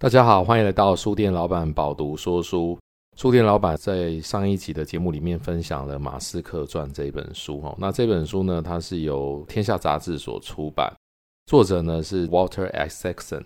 大家好，歡迎來到書店老闆飽讀說書。書店老板在上一集的節目裡面分享了《馬斯克傳》這本書哦。那這本書呢，它是由天下雜誌所出版，作者呢是 Walter Isaacson。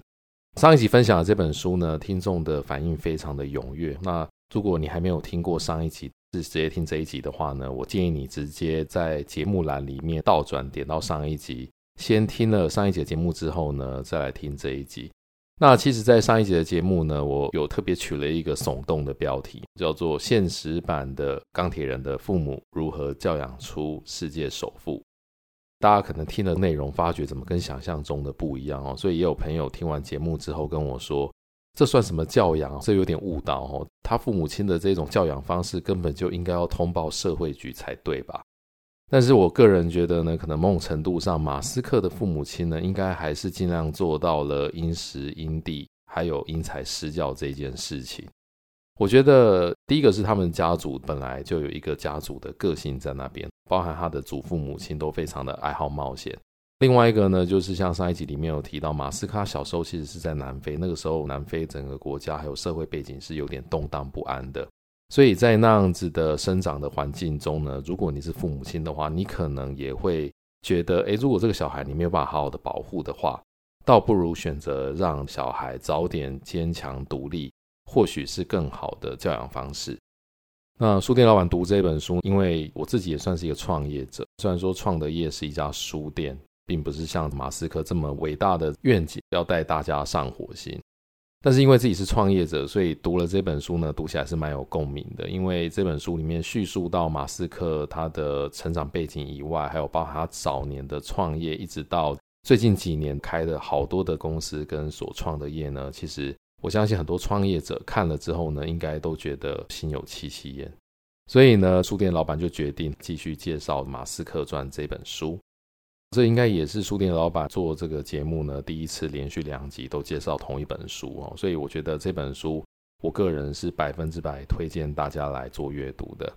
上一集分享的這本書呢，聽眾的反應非常的踴躍。那如果你還沒有聽過上一集，是直接聽這一集的話呢，我建議你直接在節目欄裡面倒轉點到上一集，先聽了上一集的節目之後呢，再來聽這一集。那其實，在上一集的節目呢，我有特別取了一個聳動的標題，叫做“現實版的鋼鐵人的父母如何教養出世界首富”。大家可能聽了內容發覺怎麼跟想象中的不一樣哦，所以也有朋友聽完節目之後跟我說：“這算什麼教養？這有點誤導哦。他父母親的這種教養方式，根本就應該要通報社會局才對吧？”但是我個人覺得呢，可能某種程度上，馬斯克的父母親呢，應該還是盡量做到了因時因地，還有因材施教這件事情。我覺得第一個是他們家族本來就有一個家族的個性在那邊，包含他的祖父母親都非常的愛好冒險。另外一個呢，就是像上一集裡面有提到，馬斯克他小時候其實是在南非，那個時候南非整個國家還有社會背景是有點動盪不安的。所以在那樣子的生長的環境中呢，如果你是父母親的話，你可能也會覺得，誒，如果這個小孩你沒有辦法好好的保護的話，倒不如選擇讓小孩早點堅強獨立，或許是更好的教養方式。那書店老闆讀這本書，因為我自己也算是一個創業者，雖然說創的業是一家書店，並不是像馬斯克這麼偉大的願景，要帶大家上火星。但是因為自己是創業者，所以讀了這本書呢，讀起來是蠻有共鳴的。因為這本書裡面敘述到馬斯克他的成長背景以外，還有包括他早年的創業，一直到最近幾年開的好多的公司跟所創的業呢，其實我相信很多創業者看了之後呢，應該都覺得心有戚戚焉。所以呢，書店老闆就決定繼續介紹《馬斯克傳》這本書。這應該也是書店老板做這個節目呢，第一次連續兩集都介紹同一本書哦，所以我覺得這本書我個人是百分之百推薦大家來做閱讀的。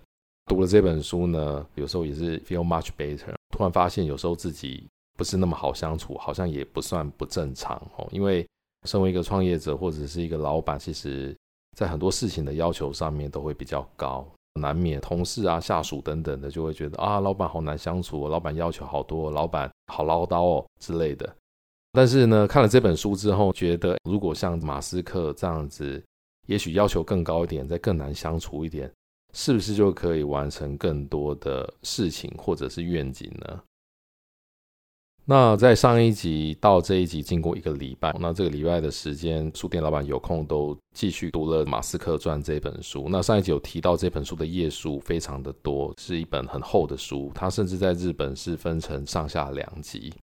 讀了這本書呢，有時候也是 feel much better，突然發現有時候自己不是那麼好相處，好像也不算不正常哦，因為身為一個創業者或者是一個老板，其實在很多事情的要求上面都會比較高。難免同事啊、下屬等等的，就會覺得啊，老闆好難相處哦，老闆要求好多，老闆好嘮叨哦之類的。但是呢，看了這本書之後，覺得如果像馬斯克這樣子，也許要求更高一點，再更難相處一點，是不是就可以完成更多的事情或者是願景呢？那在上一集到這一集經過一個禮拜，那這個禮拜的時間，書店老闆有空都繼續讀了《馬斯克傳》這本書。那上一集有提到這本書的頁數非常的多，是一本很厚的書。它甚至在日本是分成上下兩集。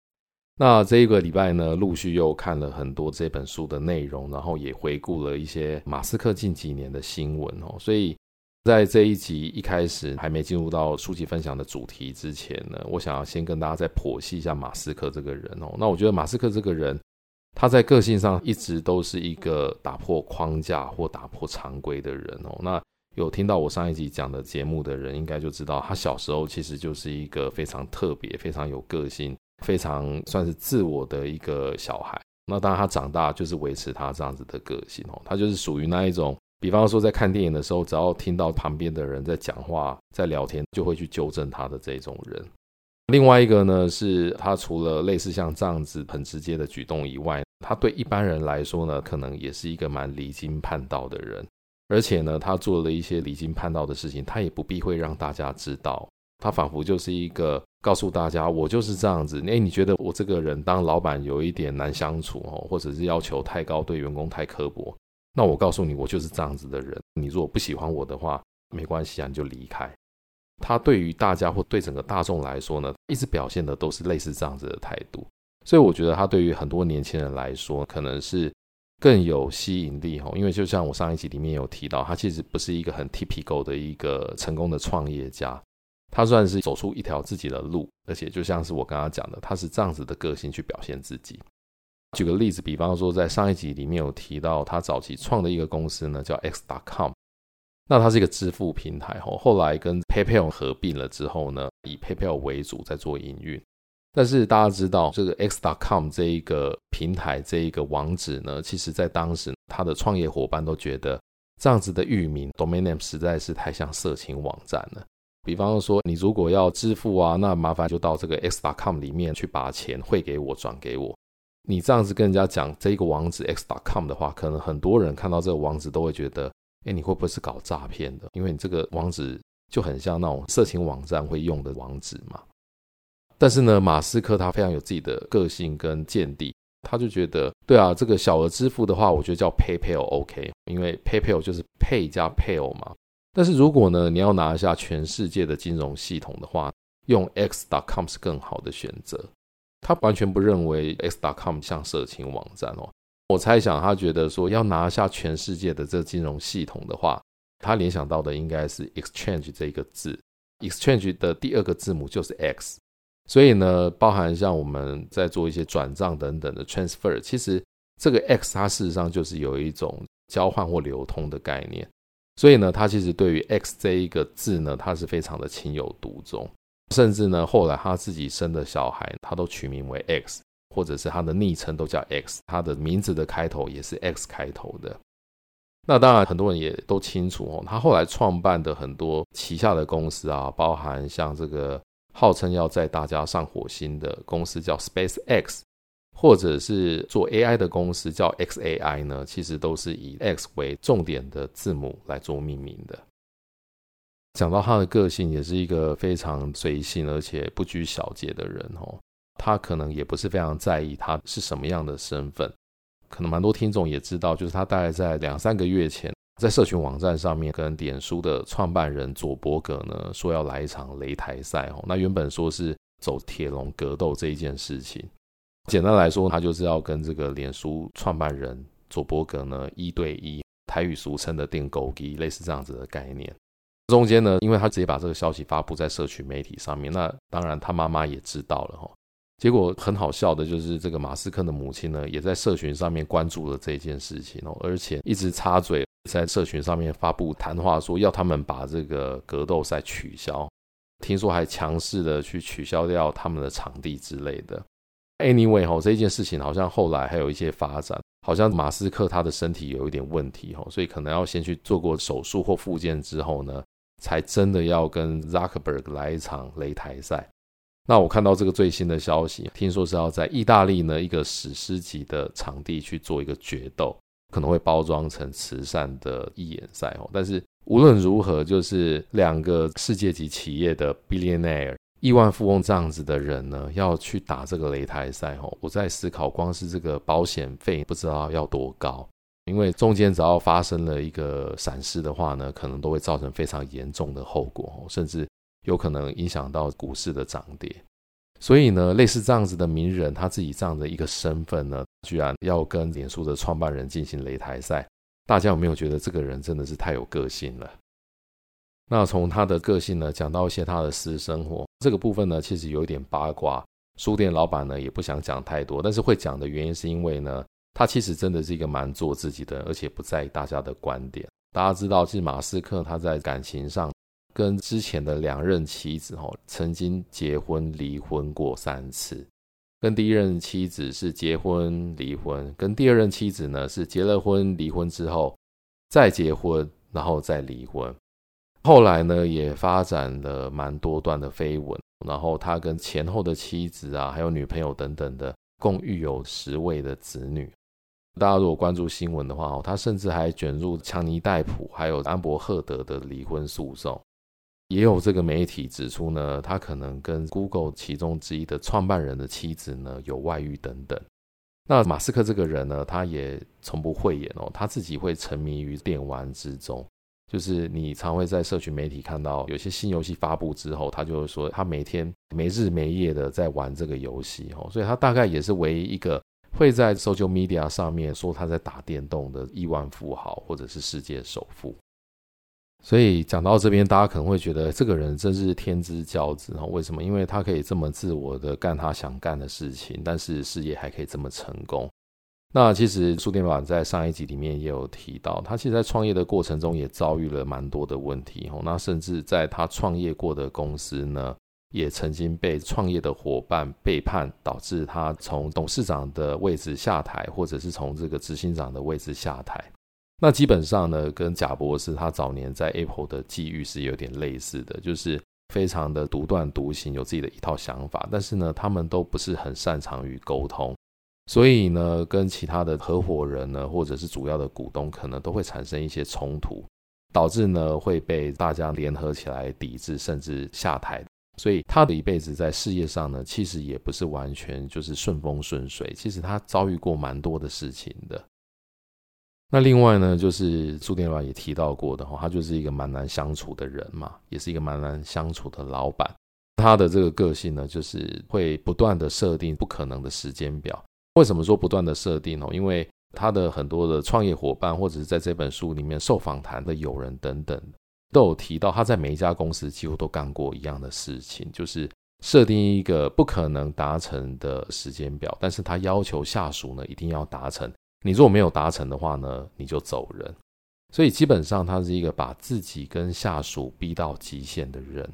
那這一個禮拜呢，陸續又看了很多這本書的內容，然後也回顧了一些馬斯克近幾年的新聞哦，所以。在這一集一開始還沒進入到書籍分享的主題之前呢，我想要先跟大家再剖析一下馬斯克這個人哦。那我覺得馬斯克這個人，他在個性上一直都是一個打破框架或打破常規的人哦。那有聽到我上一集講的節目的人，應該就知道他小時候其實就是一個非常特別、非常有個性、非常算是自我的一個小孩。那當他長大就是維持他這樣子的個性哦，他就是屬於那一種。比方說，在看電影的時候，只要聽到旁邊的人在講話、在聊天，就會去糾正他的這種人。另外一個呢，是他除了類似像這樣子很直接的舉動以外，他對一般人來說呢，可能也是一個蠻離經叛道的人。而且呢，他做了一些離經叛道的事情，他也不避諱讓大家知道。他仿佛就是一個告訴大家，我就是這樣子。誒，你覺得我這個人當老板有一點難相處哦，或者是要求太高，對員工太刻薄。那我告訴你，我就是這樣子的人。你如果不喜歡我的話，沒關係啊，你就離開。他對於大家或對整個大眾來說呢，一直表現的都是類似這樣子的態度。所以我覺得他對於很多年輕人來說，可能是更有吸引力哈。因為就像我上一集裡面有提到，他其實不是一個很 typical 的一個成功的創業家，他算是走出一條自己的路，而且就像是我剛剛講的，他是這樣子的個性去表現自己。舉個例子，比方說，在上一集裡面有提到，他早期創的一個公司呢，叫 x.com。那它是一個支付平台，吼，後來跟 PayPal 合併了之後呢，以 PayPal 為主在做營運。但是大家知道，這個 x.com 這一個平台這一個網址呢，其實在當時他的創業夥伴都覺得，這樣子的域名 domain name 實在是太像色情網站了。比方說，你如果要支付啊，那麻煩就到這個 x.com 裡面去把錢匯給我，轉給我。你這樣子跟人家講這個網址 x.com 的話，可能很多人看到這個網址都會覺得，哎、欸，你會不會是搞詐騙的？因為你這個網址就很像那種色情網站會用的網址嘛。但是呢，馬斯克他非常有自己的個性跟見地，他就覺得，對啊，這個小額支付的話，我覺得叫 PayPal OK，因為 PayPal 就是 Pay 加 Pal 嘛。但是如果呢，你要拿一下全世界的金融系統的話，用 x.com 是更好的選擇。他完全不認為 X.com 像色情網站哦、喔。我猜想他覺得說，要拿下全世界的這金融系統的話，他聯想到的應該是 Exchange 這一個字。Exchange 的第二個字母就是 X，所以呢，包含像我們在做一些轉賬等等的 transfer，其實這個 X 它事實上就是有一種交換或流通的概念。所以呢，他其實對於 X 這一個字呢，他是非常的情有獨鍾。甚至呢，後來他自己生的小孩，他都取名為 X，或者是他的昵稱都叫 X，他的名字的開頭也是 X 開頭的。那當然，很多人也都清楚哦，他後來創辦的很多旗下的公司啊，包含像這個號稱要載大家上火星的公司叫 SpaceX，或者是做 AI 的公司叫 XAI 呢，其實都是以 X 為重點的字母來做命名的。講到他的個性，也是一個非常隨性而且不拘小節的人哦。他可能也不是非常在意他是什麼樣的身份。可能蠻多聽眾也知道，就是他大概在兩三個月前，在社群網站上面跟臉書的創辦人佐伯格呢說要來一場擂台賽哦。那原本說是走鐵籠格鬥這一件事情，簡單來說，他就是要跟這個臉書創辦人佐伯格呢一對一，台語俗稱的釘孤枝，類似這樣子的概念。中間呢，因為他直接把這個消息發布在社群媒體上面，那當然他媽媽也知道了哈、哦。結果很好笑的就是，這個馬斯克的母親呢，也在社群上面關注了這件事情哦，而且一直插嘴在社群上面發布談話，說要他們把這個格鬥賽取消。聽說還強勢的去取消掉他們的場地之類的。Anyway，哈、哦，這件事情好像後來還有一些發展，好像馬斯克他的身體有一點問題哈、哦，所以可能要先去做過手術或復健之後呢。才真的要跟 Zuckerberg 來一場擂台賽。那我看到這個最新的消息，聽說是要在意大利呢一個史詩級的場地去做一個決鬥，可能會包裝成慈善的義演賽哦。但是無論如何，就是兩個世界級企業的 billionaire、億萬富翁這樣子的人呢，要去打這個擂台賽哦。我在思考，光是這個保險費不知道要多高。因為中間只要發生了一個閃失的話呢，可能都會造成非常嚴重的後果，甚至有可能影響到股市的漲跌。所以呢，類似這樣子的名人，他自己這樣的一個身份呢，居然要跟臉書的創辦人進行擂台賽，大家有沒有覺得這個人真的是太有個性了？那從他的個性呢，講到一些他的私生活，這個部分呢，其實有一點八卦。書店老闆呢，也不想講太多，但是會講的原因是因為呢。他其實真的是一個蠻做自己的人，而且不在意大家的觀點。大家知道，是馬斯克他在感情上跟之前的兩任妻子哦，曾經結婚離婚過三次。跟第一任妻子是結婚離婚，跟第二任妻子呢是結了婚離婚之後再結婚，然後再離婚。後來呢也發展了蠻多段的緋聞，然後他跟前後的妻子啊，還有女朋友等等的，共育有十位的子女。大家如果關注新聞的話，哦，他甚至還捲入強尼戴普還有安柏赫德的離婚訴訟，也有這個媒體指出呢，他可能跟 Google 其中之一的創辦人的妻子呢有外遇等等。那馬斯克這個人呢，他也從不諱言哦，他自己會沉迷於電玩之中，就是你常會在社群媒體看到有些新遊戲發布之後，他就會說他每天沒日沒夜的在玩這個遊戲哦，所以他大概也是唯一一個。會在 social media 上面說他在打電動的億萬富豪，或者是世界首富。所以講到這邊，大家可能會覺得這個人真是天之驕子。然後為什麼？因為他可以這麼自我的幹他想幹的事情，但是事業還可以這麼成功。那其實書店老闆在上一集裡面也有提到，他其實，在創業的過程中也遭遇了蠻多的問題。那甚至在他創業過的公司呢，也曾經被創業的夥伴背叛，導致他從董事長的位置下台，或者是從這個執行長的位置下台。那基本上呢，跟賈伯斯他早年在 Apple 的際遇是有點類似的，就是非常的獨斷獨行，有自己的一套想法。但是呢，他們都不是很擅長於溝通，所以呢，跟其他的合夥人呢，或者是主要的股東，可能都會產生一些衝突，導致呢會被大家聯合起來抵制，甚至下台。所以他的一輩子在事業上呢，其實也不是完全就是順風順水，其實他遭遇過蠻多的事情的。那另外呢，就是書店老闆也提到過的話，他就是一個蠻難相處的人嘛，也是一個蠻難相處的老闆。他的這個個性呢，就是會不斷的設定不可能的時間表。為什麼說不斷的設定呢？因為他的很多的創業夥伴，或者是在這本書裡面受訪談的友人等等。都有提到，他在每一家公司幾乎都幹過一樣的事情，就是設定一個不可能達成的時間表，但是他要求下屬呢，一定要達成。你如果沒有達成的話呢，你就走人。所以基本上他是一個把自己跟下屬逼到極限的人。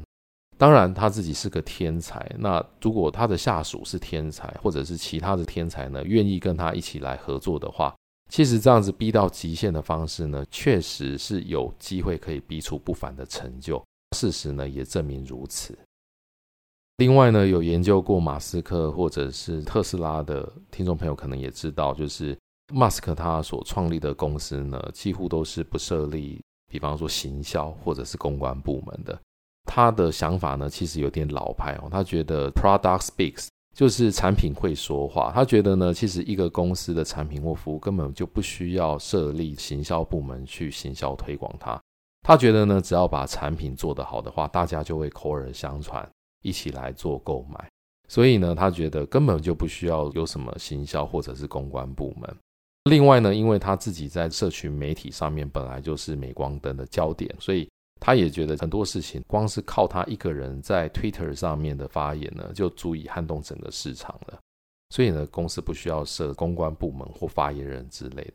當然他自己是個天才，那如果他的下屬是天才，或者是其他的天才呢，願意跟他一起來合作的話。其實這樣子逼到極限的方式呢，確實是有機會可以逼出不凡的成就，事實呢也證明如此。另外呢，有研究過馬斯克或者是特斯拉的聽眾朋友可能也知道，就是馬斯克他所創立的公司呢，幾乎都是不設立，比方說行銷或者是公關部門的。他的想法呢，其實有點老派哦。他覺得 product speaks。就是產品會說話，他覺得呢，其實一個公司的產品或服務根本就不需要設立行銷部門去行銷推廣它。他覺得呢，只要把產品做得好的話，大家就會口耳相傳，一起來做購買。所以呢，他覺得根本就不需要有什麼行銷或者是公關部門。另外呢，因為他自己在社群媒體上面本來就是鎂光燈的焦點，所以。他也覺得很多事情光是靠他一個人在 Twitter 上面的發言呢，就足以撼動整個市場了。所以呢，公司不需要設公關部門或發言人之類的。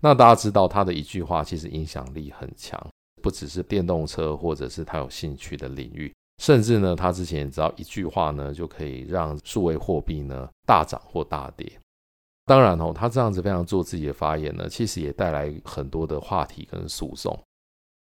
那大家知道，他的一句話其實影響力很強，不只是電動車或者是他有興趣的領域，甚至呢，他之前只要一句話呢，就可以讓數位貨幣呢大漲或大跌。當然哦，他這樣子非常做自己的發言呢，其實也帶來很多的話題跟訴訟。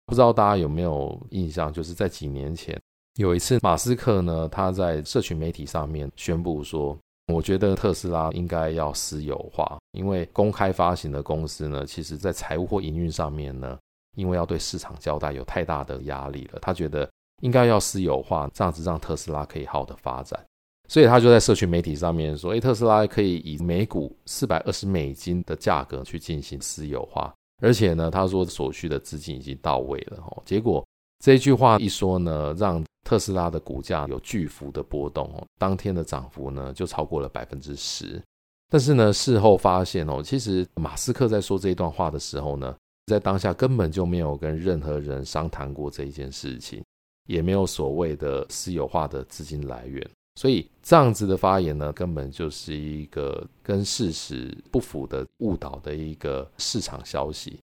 不知道大家有沒有印象，就是在幾年前有一次，馬斯克呢，他在社群媒體上面宣布說，我覺得特斯拉應該要私有化，因為公開發行的公司呢，其實在財務或營運上面呢，因為要對市場交代有太大的壓力了。他覺得應該要私有化，這樣子讓特斯拉可以好的發展，所以他就在社群媒體上面說，哎、欸，特斯拉可以以每股四百二十美金的價格去進行私有化。而且呢，他說所需的資金已經到位了哦，結果這一句話一說呢，讓特斯拉的股價有巨幅的波動哦。當天的漲幅呢，就超過了百分之十。但是呢，事後發現哦，其實馬斯克在說這一段話的時候呢，在當下根本就沒有跟任何人商談過這一件事情，也沒有所謂的私有化的資金來源。所以這樣子的發言呢，根本就是一個跟事實不符的誤導的一個市場消息，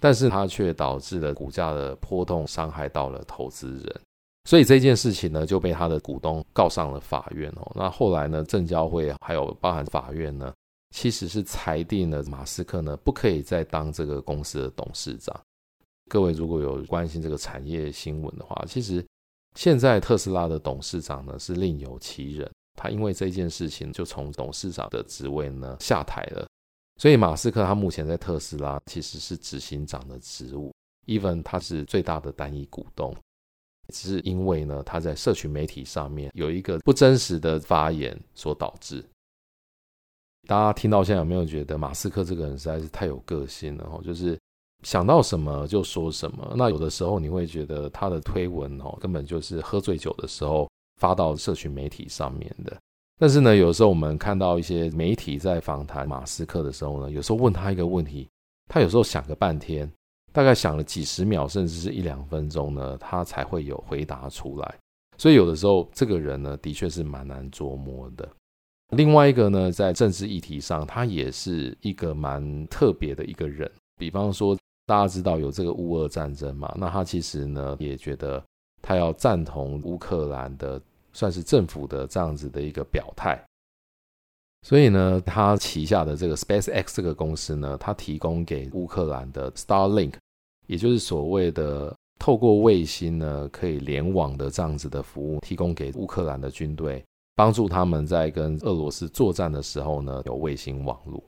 但是它卻導致了股價的波動，傷害到了投資人。所以這件事情呢，就被他的股東告上了法院哦。那後來呢，證交會還有包含法院呢，其實是裁定了馬斯克呢，不可以再當這個公司的董事長。各位如果有關心這個產業新聞的話，其實。現在特斯拉的董事長呢，是另有其人，他因為這件事情就從董事長的職位呢下台了。所以馬斯克他目前在特斯拉其實是執行長的職務，even 他是最大的單一股東，只是因為呢，他在社群媒體上面有一個不真實的發言所導致。大家聽到現在有沒有覺得馬斯克這個人實在是太有個性了？然後就是。想到什麼就說什麼。那有的時候你會覺得他的推文哦，根本就是喝醉酒的時候發到社群媒體上面的。但是呢，有的時候我們看到一些媒體在訪談馬斯克的時候呢，有時候問他一個問題，他有時候想個半天，大概想了幾十秒，甚至是一兩分鐘呢，他才會有回答出來。所以有的時候這個人呢，的確是蠻難琢磨的。另外一個呢，在政治議題上，他也是一個蠻特別的一個人，比方說。大家知道有這個烏俄戰爭嘛？那他其實呢，也覺得他要贊同烏克蘭的算是政府的這樣子的一個表態，所以呢，他旗下的這個 SpaceX 這個公司呢，他提供給烏克蘭的 Starlink，也就是所謂的透過衛星呢可以聯網的這樣子的服務，提供給烏克蘭的軍隊，幫助他們在跟俄羅斯作戰的時候呢有衛星網絡。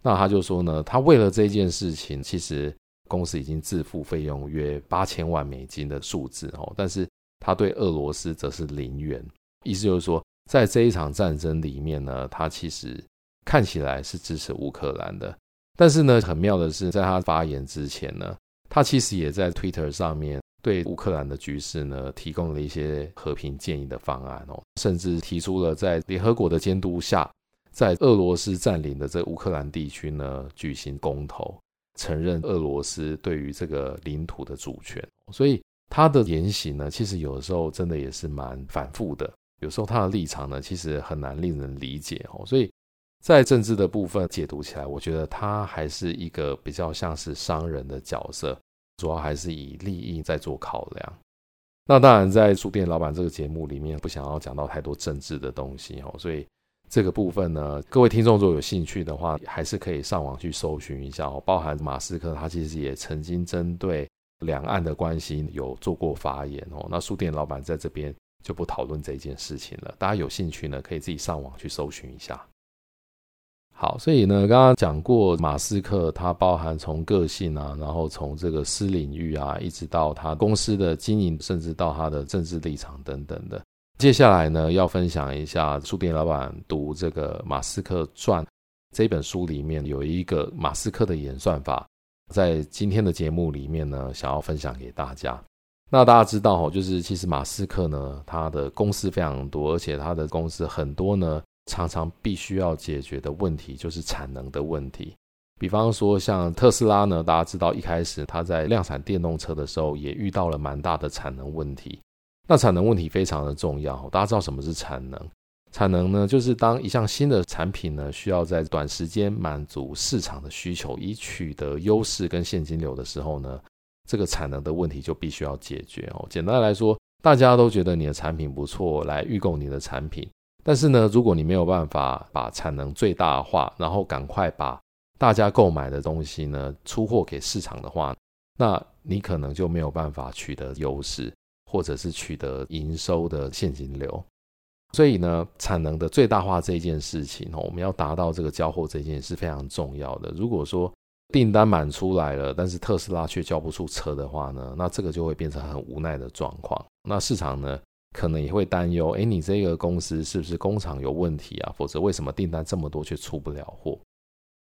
那他就說呢，他為了這件事情，其實。公司已經自付費用約八千萬美金的數字哦，但是他對俄羅斯則是零元，意思就是說，在這一場戰爭裡面呢，他其實看起來是支持烏克蘭的。但是呢，很妙的是，在他發言之前呢，他其實也在 Twitter 上面對烏克蘭的局勢呢，提供了一些和平建議的方案哦，甚至提出了在聯合國的監督下，在俄羅斯占領的這烏克蘭地區呢，舉行公投。承認俄羅斯對於這個領土的主權，所以他的言行呢，其實有的時候真的也是蠻反覆的。有時候他的立場呢，其實很難令人理解哦。所以在政治的部分解讀起來，我覺得他還是一個比較像是商人的角色，主要還是以利益在做考量。那當然在，在書店老闆這個節目裡面，不想要講到太多政治的東西哦，所以。這個部分呢，各位聽眾如果有興趣的話，還是可以上網去搜尋一下哦。包含馬斯克，他其實也曾經針對兩岸的關係有做過發言哦。那書店老闆在這邊就不討論這件事情了。大家有興趣呢，可以自己上網去搜尋一下。好，所以呢，剛剛講過馬斯克，他包含從個性啊，然後從這個私領域啊，一直到他公司的經營，甚至到他的政治立場等等的。接下來呢，要分享一下書店老板讀這個《馬斯克傳》這本書裡面有一個馬斯克的演算法，在今天的節目裡面呢，想要分享給大家。那大家知道哈，就是其實馬斯克呢，他的公司非常多，而且他的公司很多呢，常常必須要解決的問題就是產能的問題。比方說像特斯拉呢，大家知道一開始他在量產電動車的時候，也遇到了蠻大的產能問題。那產能問題非常的重要，大家知道什麼是產能？產能呢，就是當一項新的產品呢，需要在短時間滿足市場的需求，以取得優勢跟現金流的時候呢，這個產能的問題就必須要解決哦。簡單來說，大家都覺得你的產品不錯，來預購你的產品，但是呢，如果你沒有辦法把產能最大化，然後趕快把大家購買的東西呢，出貨給市場的話，那你可能就沒有辦法取得優勢。或者是取得營收的現金流，所以呢，產能的最大化這件事情，哦，我們要達到這個交貨這件事是非常重要的。如果說訂單滿出來了，但是特斯拉卻交不出車的話呢，那這個就會變成很無奈的狀況。那市場呢，可能也會擔憂：哎、欸，你這個公司是不是工廠有問題啊？否則為什麼訂單這麼多卻出不了貨？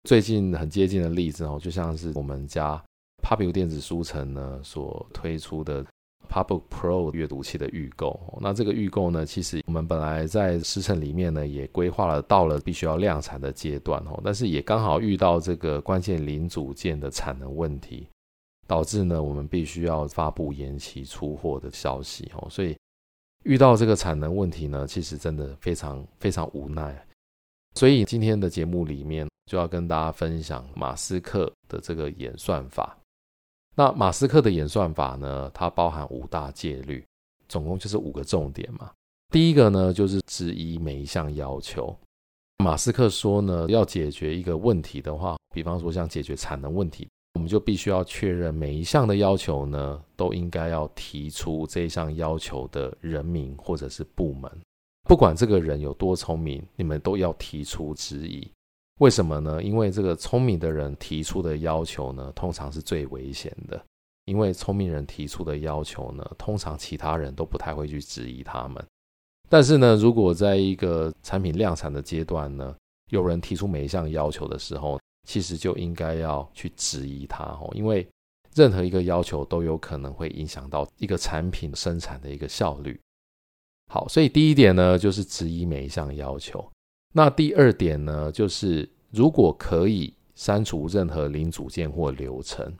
最近很接近的例子哦，就像是我們家 Pubu 電子書城呢所推出的。Pubu Pro 閱讀器的預購，那這個預購呢，其實我們本來在時程裡面呢，也規劃了到了必須要量產的階段哦，但是也剛好遇到這個關鍵零組件的產能問題，導致呢我們必須要發布延期出貨的消息哦，所以遇到這個產能問題呢，其實真的非常非常無奈，所以今天的節目裡面就要跟大家分享馬斯克的這個演算法。那馬斯克的演算法呢，它包含五大戒律，總共就是五個重點嘛。第一個呢，就是質疑每一項要求。馬斯克說呢，要解決一個問題的話，比方說像解決產能問題，我們就必須要確認每一項的要求呢，都應該要提出這項要求的人名或者是部門，不管這個人有多聰明，你們都要提出質疑。為什麼呢？因為這個聰明的人提出的要求呢，通常是最危險的。因為聰明人提出的要求呢，通常其他人都不太會去質疑他們。但是呢，如果在一個產品量產的階段呢，有人提出每一項要求的時候，其實就應該要去質疑他哦，因為任何一個要求都有可能會影響到一個產品生產的一個效率。好，所以第一點呢，就是質疑每一項要求。那第二點呢，就是如果可以刪除任何零組件或流程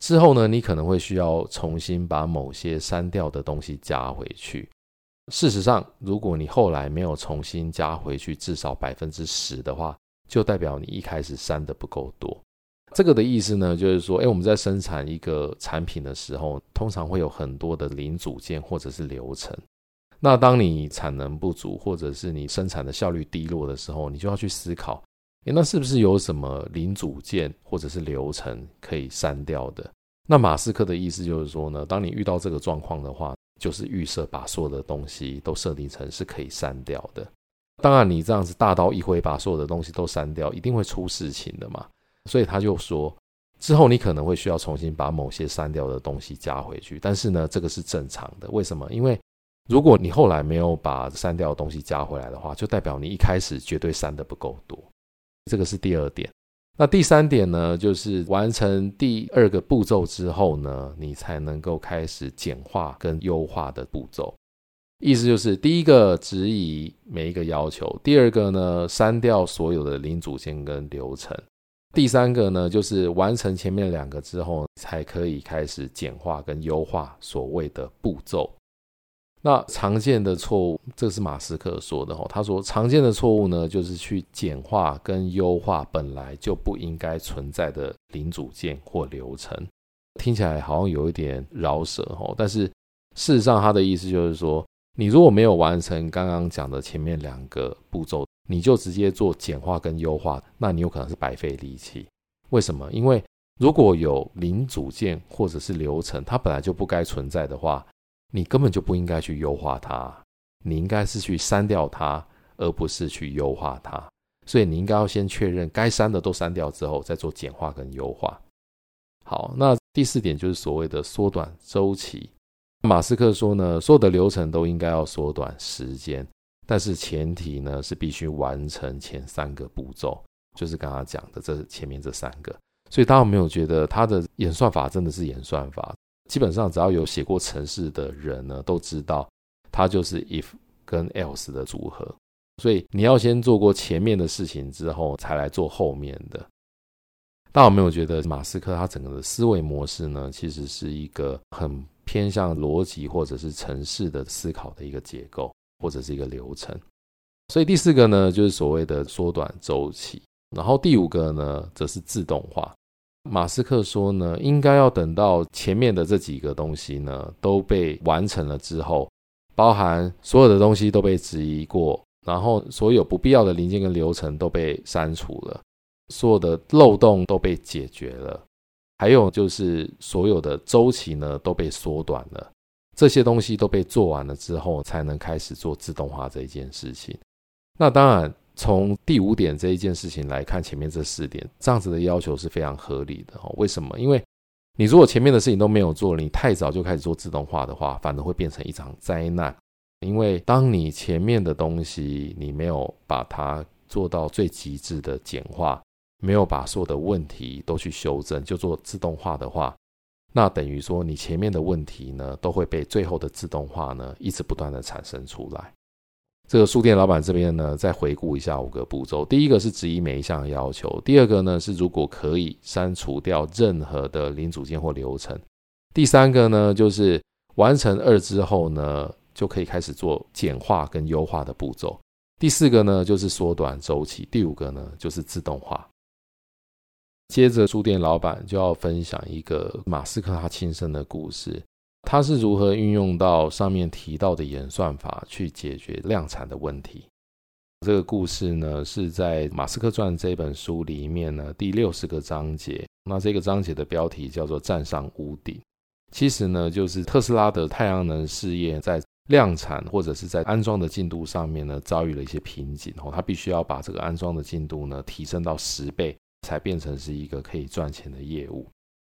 之後呢，你可能會需要重新把某些刪掉的東西加回去。事實上，如果你後來沒有重新加回去至少百分之十的話，就代表你一開始刪的不夠多。這個的意思呢，就是說，誒、哎，我們在生產一個產品的時候，通常會有很多的零組件或者是流程。那當你產能不足，或者是你生產的效率低落的時候，你就要去思考，哎、欸，那是不是有什麼零組件或者是流程可以刪掉的？那馬斯克的意思就是說呢，當你遇到這個狀況的話，就是預設把所有的東西都設定成是可以刪掉的。當然，你這樣子大刀一揮，把所有的東西都刪掉，一定會出事情的嘛。所以他就說，之後你可能會需要重新把某些刪掉的東西加回去，但是呢，這個是正常的。為什麼？因為如果你後來沒有把刪掉的東西加回來的話，就代表你一開始絕對刪得不夠多，這個是第二點。那第三點呢，就是完成第二個步驟之後呢，你才能夠開始簡化跟優化的步驟。意思就是，第一個質疑每一個要求，第二個呢，刪掉所有的零組件跟流程，第三個呢，就是完成前面兩個之後，才可以開始簡化跟優化所謂的步驟。那常見的錯誤，這是馬斯克說的哈。他說常見的錯誤呢，就是去簡化跟優化本來就不應該存在的零組件或流程。聽起來好像有一點饒舌哦，但是事實上他的意思就是說，你如果沒有完成剛剛講的前面兩個步驟，你就直接做簡化跟優化，那你有可能是白費力氣。為什麼？因為如果有零組件或者是流程，它本來就不該存在的話。你根本就不應該去優化它，你應該是去刪掉它，而不是去優化它。所以你應該要先確認該刪的都刪掉之後，再做簡化跟優化。好，那第四點就是所謂的縮短週期。馬斯克說呢，所有的流程都應該要縮短時間，但是前提呢，是必須完成前三個步驟，就是剛剛講的這前面這三個。所以大家有沒有覺得他的演算法真的是演算法？基本上，只要有寫過程式的人呢，都知道它就是 if 跟 else 的組合。所以你要先做過前面的事情之後，才來做後面的。大家有沒有覺得馬斯克他整個的思維模式呢？其實是一個很偏向邏輯或者是程式的思考的一個結構，或者是一個流程。所以第四個呢，就是所謂的縮短週期。然後第五個呢，則是自動化。馬斯克說呢，應該要等到前面的這幾個東西呢，都被完成了之後，包含所有的東西都被質疑過，然後所有不必要的零件跟流程都被刪除了，所有的漏洞都被解決了，還有就是所有的週期呢都被縮短了。這些東西都被做完了之後，才能開始做自動化這一件事情。那當然。從第五點這一件事情來看，前面這四點這樣子的要求是非常合理的哦。為什麼？因為你如果前面的事情都沒有做，你太早就開始做自動化的話，反而會變成一場災難。因為當你前面的東西你沒有把它做到最極致的簡化，沒有把所有的問題都去修正，就做自動化的話，那等於說你前面的問題呢都會被最後的自動化呢一直不斷地產生出來。這個書店老闆這邊呢，再回顧一下五個步驟：第一個是質疑每一項要求；第二個呢是如果可以刪除掉任何的零組件或流程；第三個呢就是完成二之後呢，就可以開始做簡化跟優化的步驟；第四個呢就是縮短週期；第五個呢就是自動化。接着，書店老闆就要分享一個馬斯克他親身的故事。他是如何運用到上面提到的演算法去解決量產的問題？這個故事呢，是在《馬斯克傳》這本書裡面呢第六十個章節。那這個章節的標題叫做“站上屋頂”。其實呢，就是特斯拉的太陽能事業在量產或者是在安裝的進度上面呢遭遇了一些瓶頸，然後，哦，他必須要把這個安裝的進度呢提升到十倍，才變成是一個可以賺錢的業務。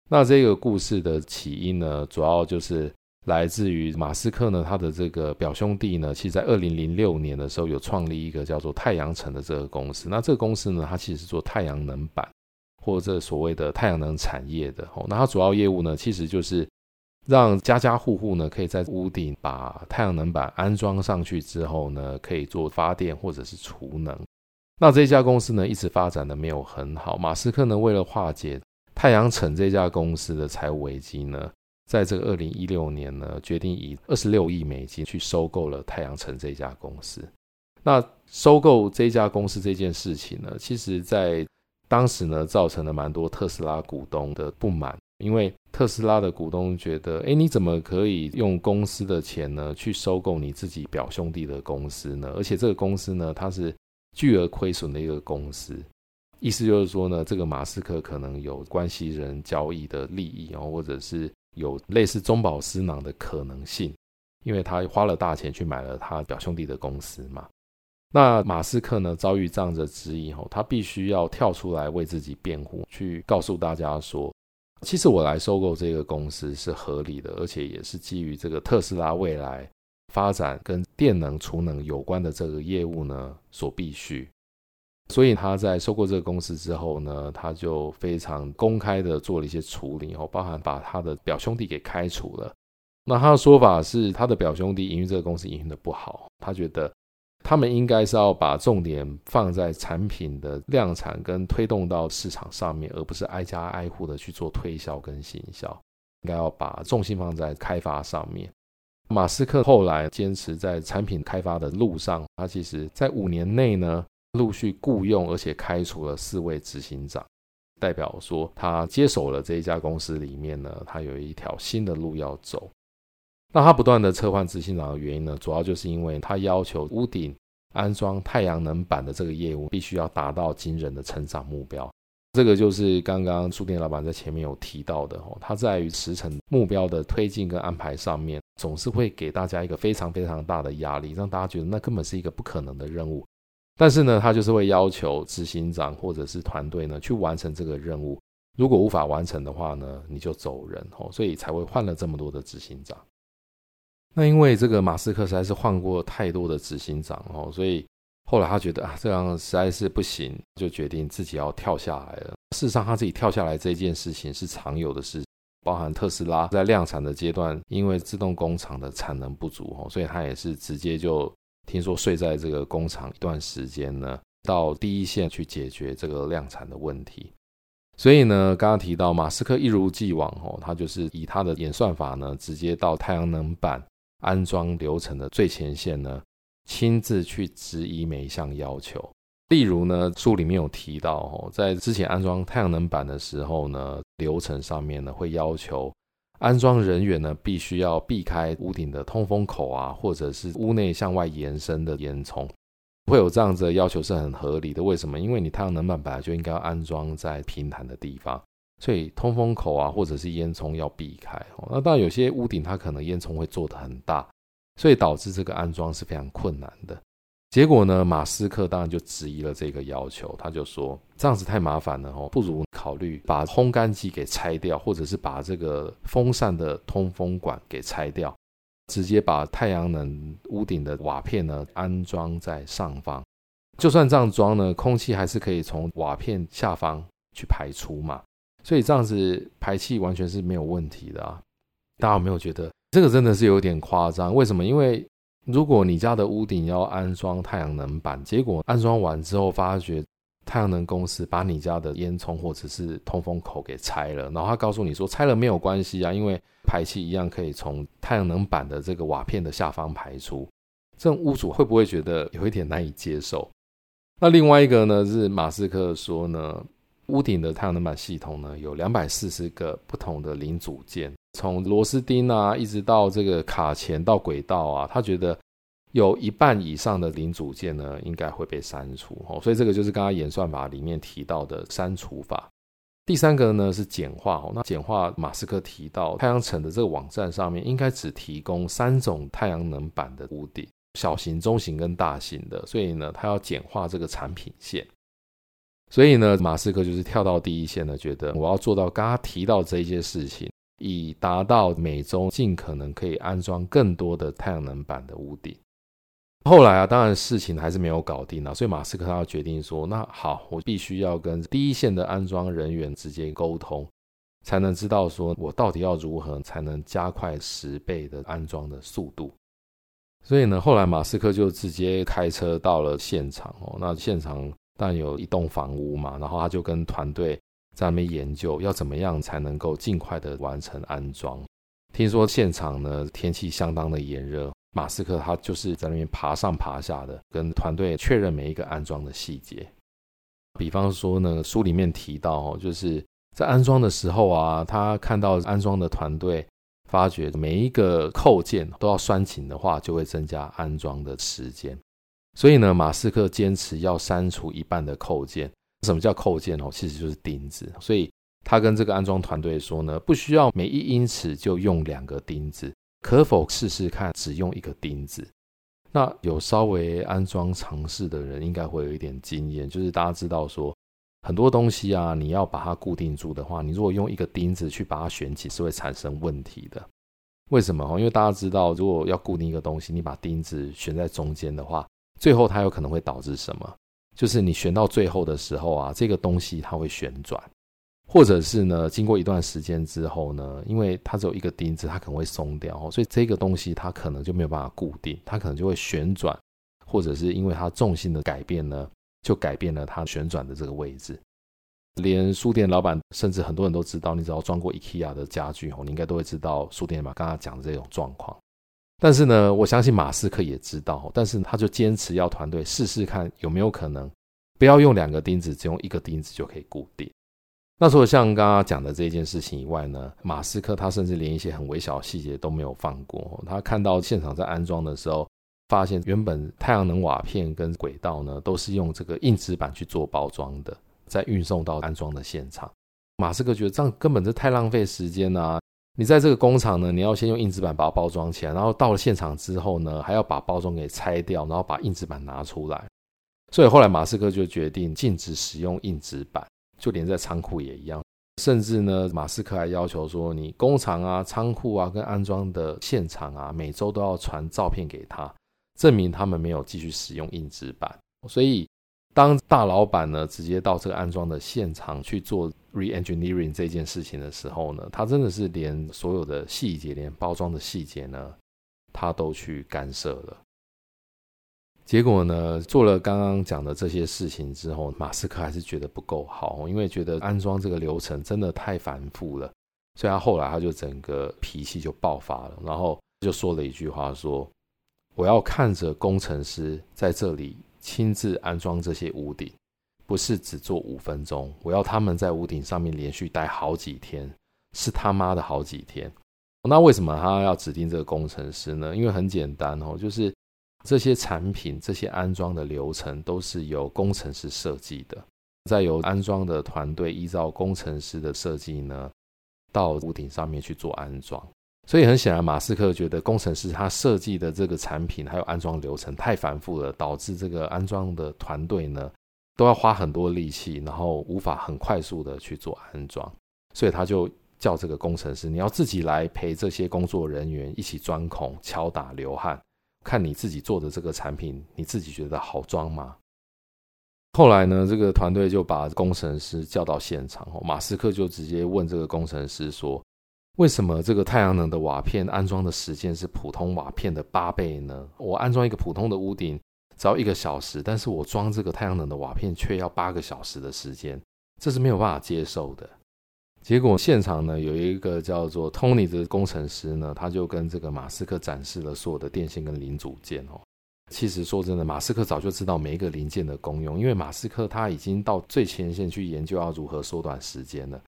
那這個故事的起因呢，主要就是來自於馬斯克呢，他的這個表兄弟呢，其實在二零零六年的時候有創立一個叫做太陽城的這個公司。那這個公司呢，它其實是做太陽能板或者所謂的太陽能產業的。哦，那它主要業務呢，其實就是讓家家戶戶呢可以在屋頂把太陽能板安裝上去之後呢，可以做發電或者是儲能。那這家公司呢，一直發展的沒有很好。馬斯克呢，為了化解。太陽城這家公司的財務危機呢，在這個二零一六年呢，決定以二十六億美金去收購了太陽城這家公司。那收購這家公司這件事情呢，其實在當時呢，造成了蠻多特斯拉股東的不滿，因為特斯拉的股東覺得，欸，你怎麼可以用公司的錢呢，去收購你自己表兄弟的公司呢？而且這個公司呢，它是巨額虧損的一個公司。意思就是說呢，這個馬斯克可能有關係人交易的利益，或者是有類似中飽私囊的可能性，因為他花了大錢去買了他表兄弟的公司嘛。那馬斯克呢，遭遇這樣的質疑後，他必須要跳出來為自己辯護，去告訴大家說，其實我來收購這個公司是合理的，而且也是基於這個特斯拉未來發展跟電能儲能有關的這個業務呢所必須。所以他在收購這個公司之後呢，他就非常公開的做了一些處理，後包含把他的表兄弟給開除了。那他的說法是，他的表兄弟營運這個公司營運的不好，他覺得他們應該是要把重點放在產品的量產跟推動到市場上面，而不是挨家挨戶的去做推銷跟行銷，應該要把重心放在開發上面。馬斯克後來堅持在產品開發的路上，他其實在五年內呢。陸續僱傭而且開除了四位執行長，代表說他接手了這一家公司裡面呢，他有一條新的路要走。那他不斷的撤換執行長的原因呢，主要就是因為他要求屋頂安裝太陽能板的這個業務必須要達到驚人的成長目標。這個就是剛剛書店老闆在前面有提到的哦，他在於時程目標的推進跟安排上面，總是會給大家一個非常非常大的壓力，讓大家覺得那根本是一個不可能的任務。但是呢，他就是會要求執行長或者是團隊呢去完成這個任務。如果無法完成的話呢，你就走人哦。所以才會換了這麼多的執行長。那因為這個馬斯克實在是換過太多的執行長哦，所以後來他覺得啊，這樣實在是不行，就決定自己要跳下來了。事實上，他自己跳下來這件事情是常有的事情，包含特斯拉在量產的階段，因為自動工廠的產能不足哦，所以他也是直接就。聽說睡在這個工廠一段時間呢，到第一線去解決這個量產的問題。所以呢，剛剛提到馬斯克一如既往哦，他就是以他的演算法呢，直接到太陽能板安裝流程的最前線呢，親自去質疑每一項要求。例如呢，書裡面有提到哦，在之前安裝太陽能板的時候呢，流程上面呢會要求，安裝人員呢，必須要避開屋頂的通風口啊，或者是屋內向外延伸的煙囪，會有這樣子的要求是很合理的。為什麼？因為你太陽能板本來就應該要安裝在平坦的地方，所以通風口啊，或者是煙囪要避開哦。那當然，有些屋頂它可能煙囪會做得很大，所以導致這個安裝是非常困難的。結果呢，馬斯克當然就質疑了這個要求，他就說這樣子太麻煩了哦，不如。考慮把烘乾機給拆掉，或者是把這個風扇的通風管給拆掉，直接把太陽能屋頂的瓦片呢安裝在上方。就算這樣裝呢，空氣還是可以從瓦片下方去排出嘛。所以這樣子排氣完全是沒有問題的啊。大家有沒有覺得這個真的是有點誇張？為什麼？因為如果你家的屋頂要安裝太陽能板，結果安裝完之後發覺。太陽能公司把你家的煙囪或者是通風口給拆了，然後他告訴你說，拆了沒有關係啊，因為排氣一樣可以從太陽能板的這個瓦片的下方排出。這種屋主會不會覺得有一點難以接受？那另外一個呢是馬斯克說呢，屋頂的太陽能板系統呢有兩百四十個不同的零組件，從螺絲釘啊一直到這個卡鉗到軌道啊，他覺得。有一半以上的零組件呢，應該會被刪除哦，所以這個就是剛剛演算法裡面提到的刪除法。第三個呢是簡化哦，那簡化，馬斯克提到太陽城的這個網站上面應該只提供三種太陽能板的屋頂，小型、中型跟大型的，所以呢，他要簡化這個產品線。所以呢，馬斯克就是跳到第一線呢，覺得我要做到剛剛提到這一些事情，以達到每週儘可能可以安裝更多的太陽能板的屋頂。後來啊，當然事情還是沒有搞定啊，所以馬斯克他決定說：“那好，我必須要跟第一線的安裝人員直接溝通，才能知道說我到底要如何才能加快十倍的安裝的速度。”所以呢，後來馬斯克就直接開車到了現場哦。那現場當然有一棟房屋嘛，然後他就跟團隊在那邊研究要怎麼樣才能夠盡快的完成安裝。聽說現場呢，天氣相當的炎熱。馬斯克他就是在那邊爬上爬下的，跟團隊確認每一個安裝的細節。比方說呢，書裡面提到哦，就是在安裝的時候啊，他看到安裝的團隊發覺每一個扣件都要拴緊的話，就會增加安裝的時間。所以呢，馬斯克堅持要刪除一半的扣件。什麼叫扣件哦？其實就是釘子。所以他跟這個安裝團隊說呢，不需要每一英尺就用兩個釘子。可否試試看只用一個釘子？那有稍微安裝嘗試的人，應該會有一點經驗。就是大家知道說，很多東西啊，你要把它固定住的話，你如果用一個釘子去把它旋起，是會產生問題的。為什麼？因為大家知道，如果要固定一個東西，你把釘子旋在中間的話，最後它有可能會導致什麼？就是你旋到最後的時候啊，這個東西它會旋轉。或者是呢，經過一段時間之後呢，因為它只有一個釘子，它可能會鬆掉，所以這個東西它可能就沒有辦法固定，它可能就會旋轉，或者是因為它重心的改變呢，就改變了它旋轉的這個位置。連書店老板甚至很多人都知道，你只要裝過 IKEA 的家具哦，你應該都會知道書店老板剛剛講的這種狀況。但是呢，我相信馬斯克也知道，但是他就堅持要團隊試試看有沒有可能，不要用兩個釘子，只用一個釘子就可以固定。那除了像剛剛講的這一件事情以外呢，馬斯克他甚至連一些很微小的細節都沒有放過。他看到現場在安裝的時候，發現原本太陽能瓦片跟軌道呢都是用這個硬紙板去做包裝的，再運送到安裝的現場，馬斯克覺得這樣根本就太浪費時間啊！你在這個工廠呢，你要先用硬紙板把它包裝起來，然後到了現場之後呢，還要把包裝給拆掉，然後把硬紙板拿出來。所以後來馬斯克就決定禁止使用硬紙板。就連在倉庫也一樣，甚至呢，馬斯克還要求說，你工廠啊、倉庫啊、跟安裝的現場啊，每周都要傳照片給他，證明他們沒有繼續使用硬紙板。所以，當大老板呢，直接到這個安裝的現場去做 reengineering 這件事情的時候呢，他真的是連所有的細節，連包裝的細節呢，他都去干涉了。結果呢，做了剛剛講的這些事情之後，馬斯克還是覺得不夠好，因為覺得安裝這個流程真的太繁複了。所以他後來他就整個脾氣就爆發了，然後就說了一句話說：說我要看着工程師在這裡親自安裝這些屋頂，不是只做五分鐘，我要他們在屋頂上面連續待好幾天，是他媽的好幾天。那為什麼他要指定這個工程師呢？因為很簡單哦，就是。這些產品、這些安裝的流程都是由工程師設計的，再由安裝的團隊依照工程師的設計呢，到屋頂上面去做安裝。所以很顯然，馬斯克覺得工程師他設計的這個產品還有安裝流程太繁複了，導致這個安裝的團隊呢都要花很多力氣，然後無法很快速的去做安裝。所以他就叫這個工程師，你要自己來陪這些工作人員一起鑽孔、敲打、流汗。看你自己做的這個產品，你自己覺得好裝嗎？後來呢，這個團隊就把工程師叫到現場，馬斯克就直接問這個工程師說：“為什麼這個太陽能的瓦片安裝的時間是普通瓦片的八倍呢？我安裝一個普通的屋頂只要一個小時，但是我裝這個太陽能的瓦片卻要八個小時的時間，這是沒有辦法接受的。”結果現場呢，有一個叫做 Tony 的工程師呢，他就跟這個馬斯克展示了所有的電線跟零組件哦。其實說真的，馬斯克早就知道每一個零件的功用，因為馬斯克他已經到最前線去研究要如何縮短時間了。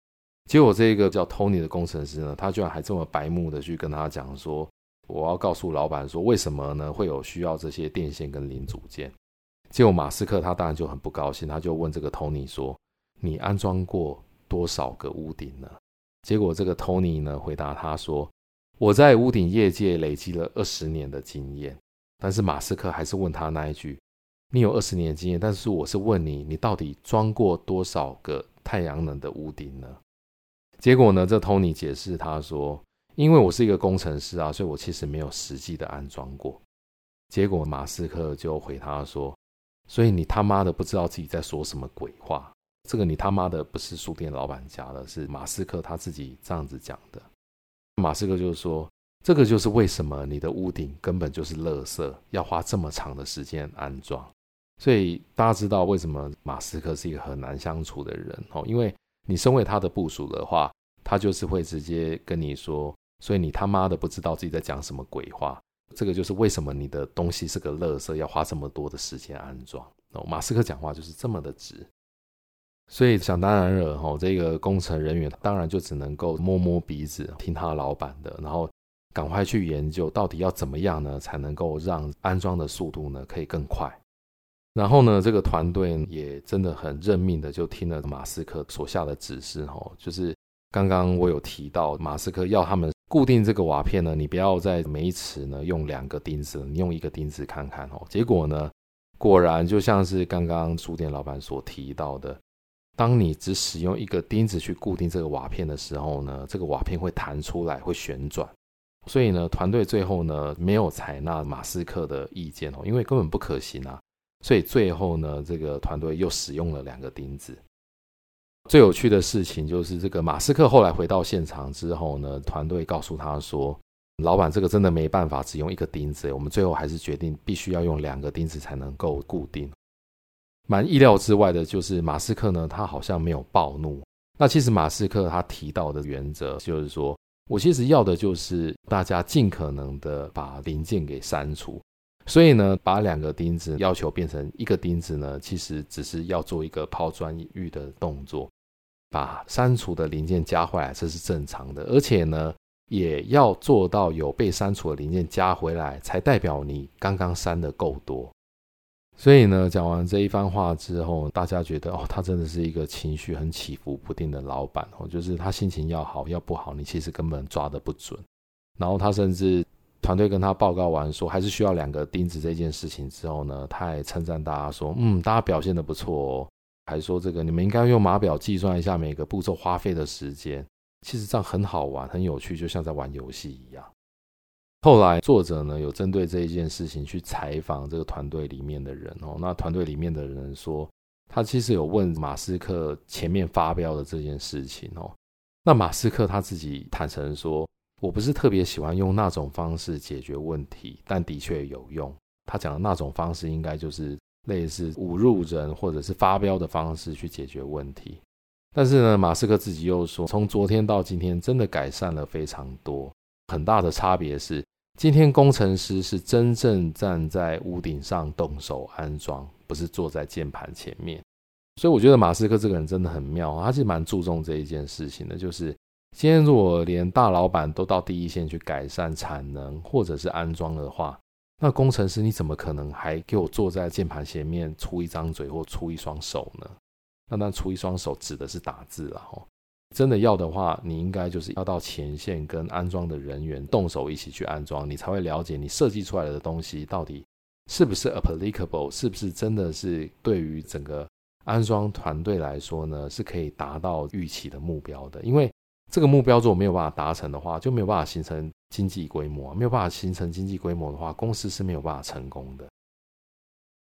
結果這個叫 Tony 的工程師呢，他居然還這麼白目地去跟他講說：“我要告訴老闆說，為什麼呢會有需要這些電線跟零組件？”結果馬斯克他當然就很不高興，他就問這個 Tony 說：“你安裝過？”多少個屋頂呢？結果這個托尼呢，回答他說：“我在屋頂業界累積了二十年的經驗。”但是馬斯克還是問他那一句：“你有二十年的經驗，但是我是問你，你到底裝過多少個太陽能的屋頂呢？”結果呢，這托尼解釋他說：“因為我是一個工程師啊，所以我其實沒有實際的安裝過。”結果馬斯克就回他說：“所以你他媽的不知道自己在說什麼鬼話。”這個你他媽的不是書店老闆家的，是馬斯克他自己這樣子講的。馬斯克就是說，這個就是為什麼你的屋頂根本就是垃圾，要花這麼長的時間安裝。所以大家知道為什麼馬斯克是一個很難相處的人哦，因為你身為他的部屬的話，他就是會直接跟你說，所以你他媽的不知道自己在講什麼鬼話。這個就是為什麼你的東西是個垃圾，要花這麼多的時間安裝。哦，馬斯克講話就是這麼的直。所以想當然了哈，這個工程人員當然就只能夠摸摸鼻子，聽他老闆的，然後趕快去研究到底要怎麼樣呢才能夠讓安裝的速度呢可以更快。然後呢，這個團隊也真的很認命的，就聽了馬斯克所下的指示哈，就是剛剛我有提到馬斯克要他們固定這個瓦片呢，你不要在每一尺呢用兩個釘子，你用一個釘子看看哦。結果呢，果然就像是剛剛書店老闆所提到的。當你只使用一個釘子去固定這個瓦片的時候呢，這個瓦片會彈出來，會旋轉。所以呢，團隊最後呢沒有採納馬斯克的意見哦，因為根本不可行啊。所以最後呢，這個團隊又使用了兩個釘子。最有趣的事情就是，這個馬斯克後來回到現場之後呢，團隊告訴他說：“老闆，這個真的沒辦法，只用一個釘子，我們最後還是決定必須要用兩個釘子才能夠固定。”蠻意料之外的，就是馬斯克呢，他好像沒有暴怒。那其實馬斯克他提到的原則就是說，我其實要的就是大家盡可能的把零件給刪除。所以呢，把兩個釘子要求變成一個釘子呢，其實只是要做一個拋磚引玉的動作，把刪除的零件加回來，這是正常的。而且呢，也要做到有被刪除的零件加回來，才代表你剛剛刪的夠多。所以呢，講完這一番話之後，大家覺得哦，他真的是一個情緒很起伏不定的老板哦，就是他心情要好要不好，你其實根本抓得不準。然後他甚至團隊跟他報告完說還是需要兩個釘子這件事情之後呢，他還稱讚大家說，嗯，大家表現得不錯哦，還說這個你們應該用碼表計算一下每個步驟花費的時間，其實這樣很好玩很有趣，就像在玩遊戲一樣。後來作者呢，有針對這一件事情去採訪這個團隊裡面的人哦，那團隊裡面的人說，他其實有問馬斯克前面發飆的這件事情哦，那馬斯克他自己坦誠說，我不是特別喜歡用那種方式解決問題，但的確有用。他講的那種方式應該就是類似侮辱人或者是發飆的方式去解決問題，但是呢，馬斯克自己又說，從昨天到今天真的改善了非常多，很大的差別是，今天工程師是真正站在屋頂上動手安裝，不是坐在鍵盤前面。所以我覺得馬斯克這個人真的很妙，他是蠻注重這一件事情的。就是今天如果連大老闆都到第一線去改善產能或者是安裝的話，那工程師你怎麼可能還給我坐在鍵盤前面出一張嘴或出一雙手呢？那當然，出一雙手指的是打字了哦。真的要的話，你應該就是要到前線跟安裝的人員動手一起去安裝，你才會了解你設計出來的東西到底是不是 applicable，是不是真的是對於整個安裝團隊來說呢，是可以達到預期的目標的。因為這個目標如果沒有辦法達成的話，就沒有辦法形成經濟規模，沒有辦法形成經濟規模的話，公司是沒有辦法成功的。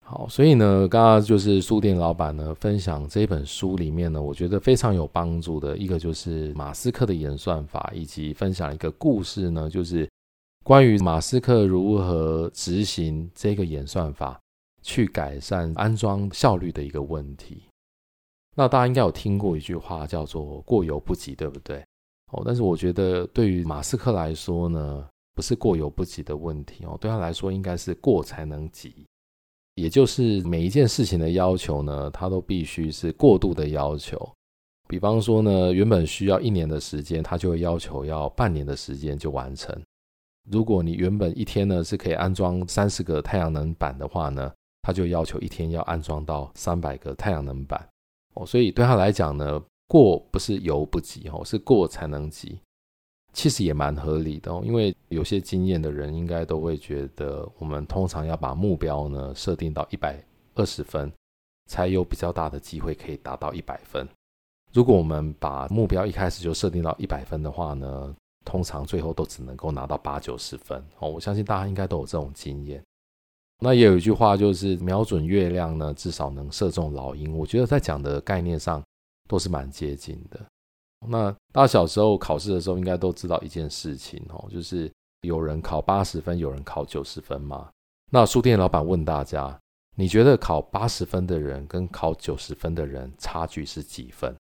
好，所以呢，剛剛就是書店老闆呢分享這一本書裡面呢，我覺得非常有幫助的一個就是馬斯克的演算法，以及分享一個故事呢，就是關於馬斯克如何執行這個演算法去改善安裝效率的一個問題。那大家應該有聽過一句話叫做“過猶不及”，對不對？哦，但是我覺得對於馬斯克來說呢，不是過猶不及的問題哦，對他來說應該是過才能及。也就是每一件事情的要求呢，它都必須是過度的要求。比方說呢，原本需要一年的時間，它就會要求要半年的時間就完成。如果你原本一天呢是可以安裝三十個太陽能板的話呢，它就要求一天要安裝到三百個太陽能板。哦，所以對他來講呢，過不是猶不及哦，是過才能及。其實也蠻合理的哦，因為有些經驗的人應該都會覺得，我們通常要把目標呢設定到一百二十分，才有比較大的機會可以達到一百分。如果我們把目標一開始就設定到一百分的話呢，通常最後都只能夠拿到八九十分。哦，我相信大家應該都有這種經驗。那也有一句話就是，瞄準月亮呢，至少能射中老鷹。我覺得在講的概念上都是蠻接近的。那大家小時候考試的時候，應該都知道一件事情哦，就是有人考八十分，有人考九十分嘛。那書店老闆問大家：“你覺得考八十分的人跟考九十分的人差距是幾分？”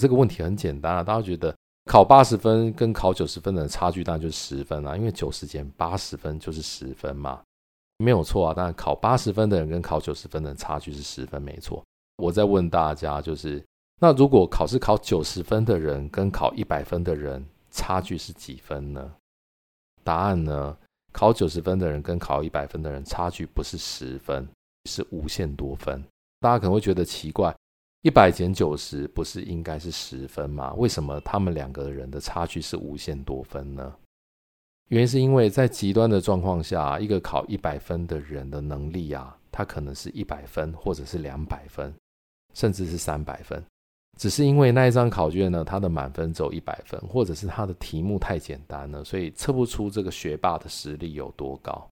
這個問題很簡單啊，大家覺得考八十分跟考九十分的差距當然就是十分啊，因為九十減八十分就是十分嘛，沒有錯啊。當然，考八十分的人跟考九十分的人差距是十分，沒錯。我再問大家，就是。那如果考試考九十分的人跟考一百分的人差距是幾分呢？答案呢？考九十分的人跟考一百分的人差距不是十分，是無限多分。大家可能會覺得奇怪，一百減九十不是應該是十分嗎？為什麼他們兩個人的差距是無限多分呢？原因是因為在極端的狀況下，一個考一百分的人的能力啊，他可能是一百分，或者是兩百分，甚至是三百分。只是因為那一張考卷呢，它的滿分只有一百分，或者是它的題目太簡單了，所以測不出這個學霸的實力有多高。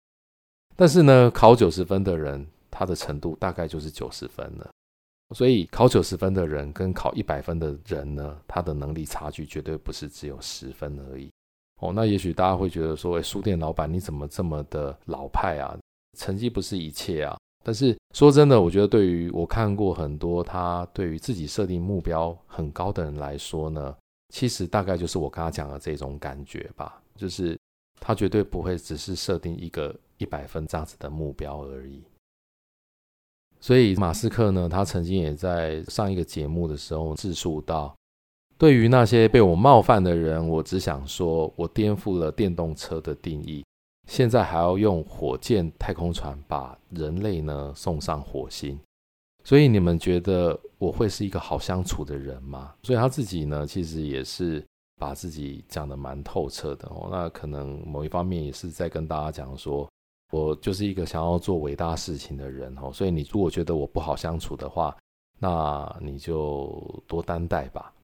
但是呢，考九十分的人，他的程度大概就是九十分了。所以考九十分的人跟考一百分的人呢，他的能力差距絕對不是只有十分而已。哦，那也許大家會覺得說，哎，書店老闆，你怎麼這麼的老派啊？成績不是一切啊。但是說真的，我覺得對於我看過很多他對於自己設定目標很高的人來說呢，其實大概就是我剛剛講的這種感覺吧，就是他絕對不會只是設定一個一百分這樣子的目標而已。所以馬斯克呢，他曾經也在上一個節目的時候自述道，對於那些被我冒犯的人，我只想說我顛覆了電動車的定義。現在還要用火箭太空船把人類呢送上火星，所以你們覺得我會是一個好相處的人嗎？所以他自己呢，其實也是把自己講得蠻透徹的哦。那可能某一方面也是在跟大家講說，我就是一個想要做偉大事情的人哦。所以你如果覺得我不好相處的話，那你就多擔待吧。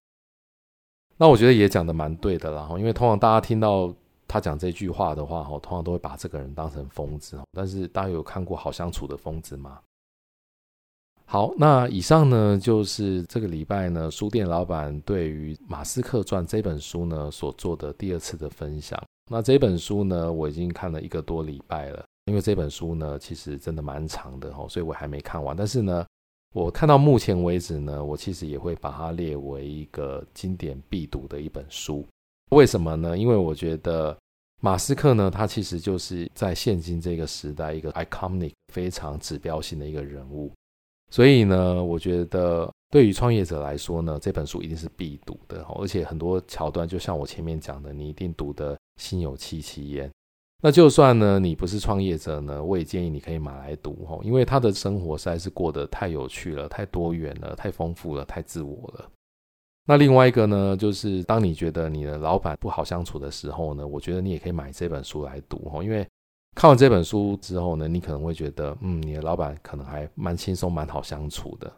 那我覺得也講得蠻對的啦。然後因為通常大家聽到。他講這句話的話，哈，通常都會把這個人當成瘋子。但是大家有看過《好相處的瘋子》嗎？好，那以上呢就是這個禮拜呢，書店老闆對於《馬斯克傳》這本書呢所做的第二次的分享。那這本書呢，我已經看了一個多禮拜了，因為這本書呢其實真的蠻長的哈，所以我還沒看完。但是呢，我看到目前為止呢，我其實也會把它列為一個經典必讀的一本書。為什麼呢？因為我覺得馬斯克呢，他其實就是在現今這個時代一個 iconic 非常指標性的一個人物，所以呢，我覺得對於創業者來說呢，這本書一定是必讀的，而且很多橋段，就像我前面講的，你一定讀得心有戚戚焉。那就算呢，你不是創業者呢，我也建議你可以買來讀，吼，因為他的生活實在是過得太有趣了，太多元了，太豐富了，太自我了。那另外一個呢，就是當你覺得你的老闆不好相處的時候呢，我覺得你也可以買這本書來讀哦，因為看完這本書之後呢，你可能會覺得，嗯，你的老闆可能還蠻輕鬆、蠻好相處的。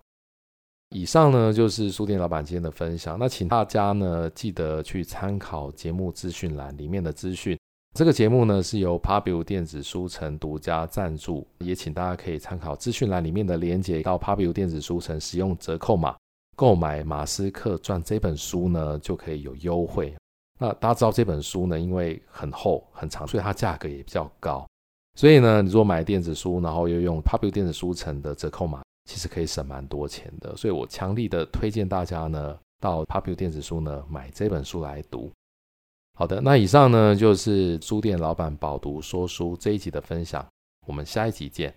以上呢就是書店老闆今天的分享。那請大家呢記得去參考節目資訊欄裡面的資訊。這個節目呢是由 Pubu 電子書城獨家贊助，也請大家可以參考資訊欄裡面的鏈接到 Pubu 電子書城使用折扣碼。購買《馬斯克傳》這本書呢，就可以有優惠。那大家知道這本書呢，因為很厚很長，所以它價格也比較高。所以呢，你如果買電子書，然後又用 Pubu 電子書城的折扣碼，其實可以省蠻多錢的。所以我強力的推薦大家呢，到 Pubu 電子書呢買這本書來讀。好的，那以上呢就是書店老闆飽讀說書這一集的分享，我們下一集見。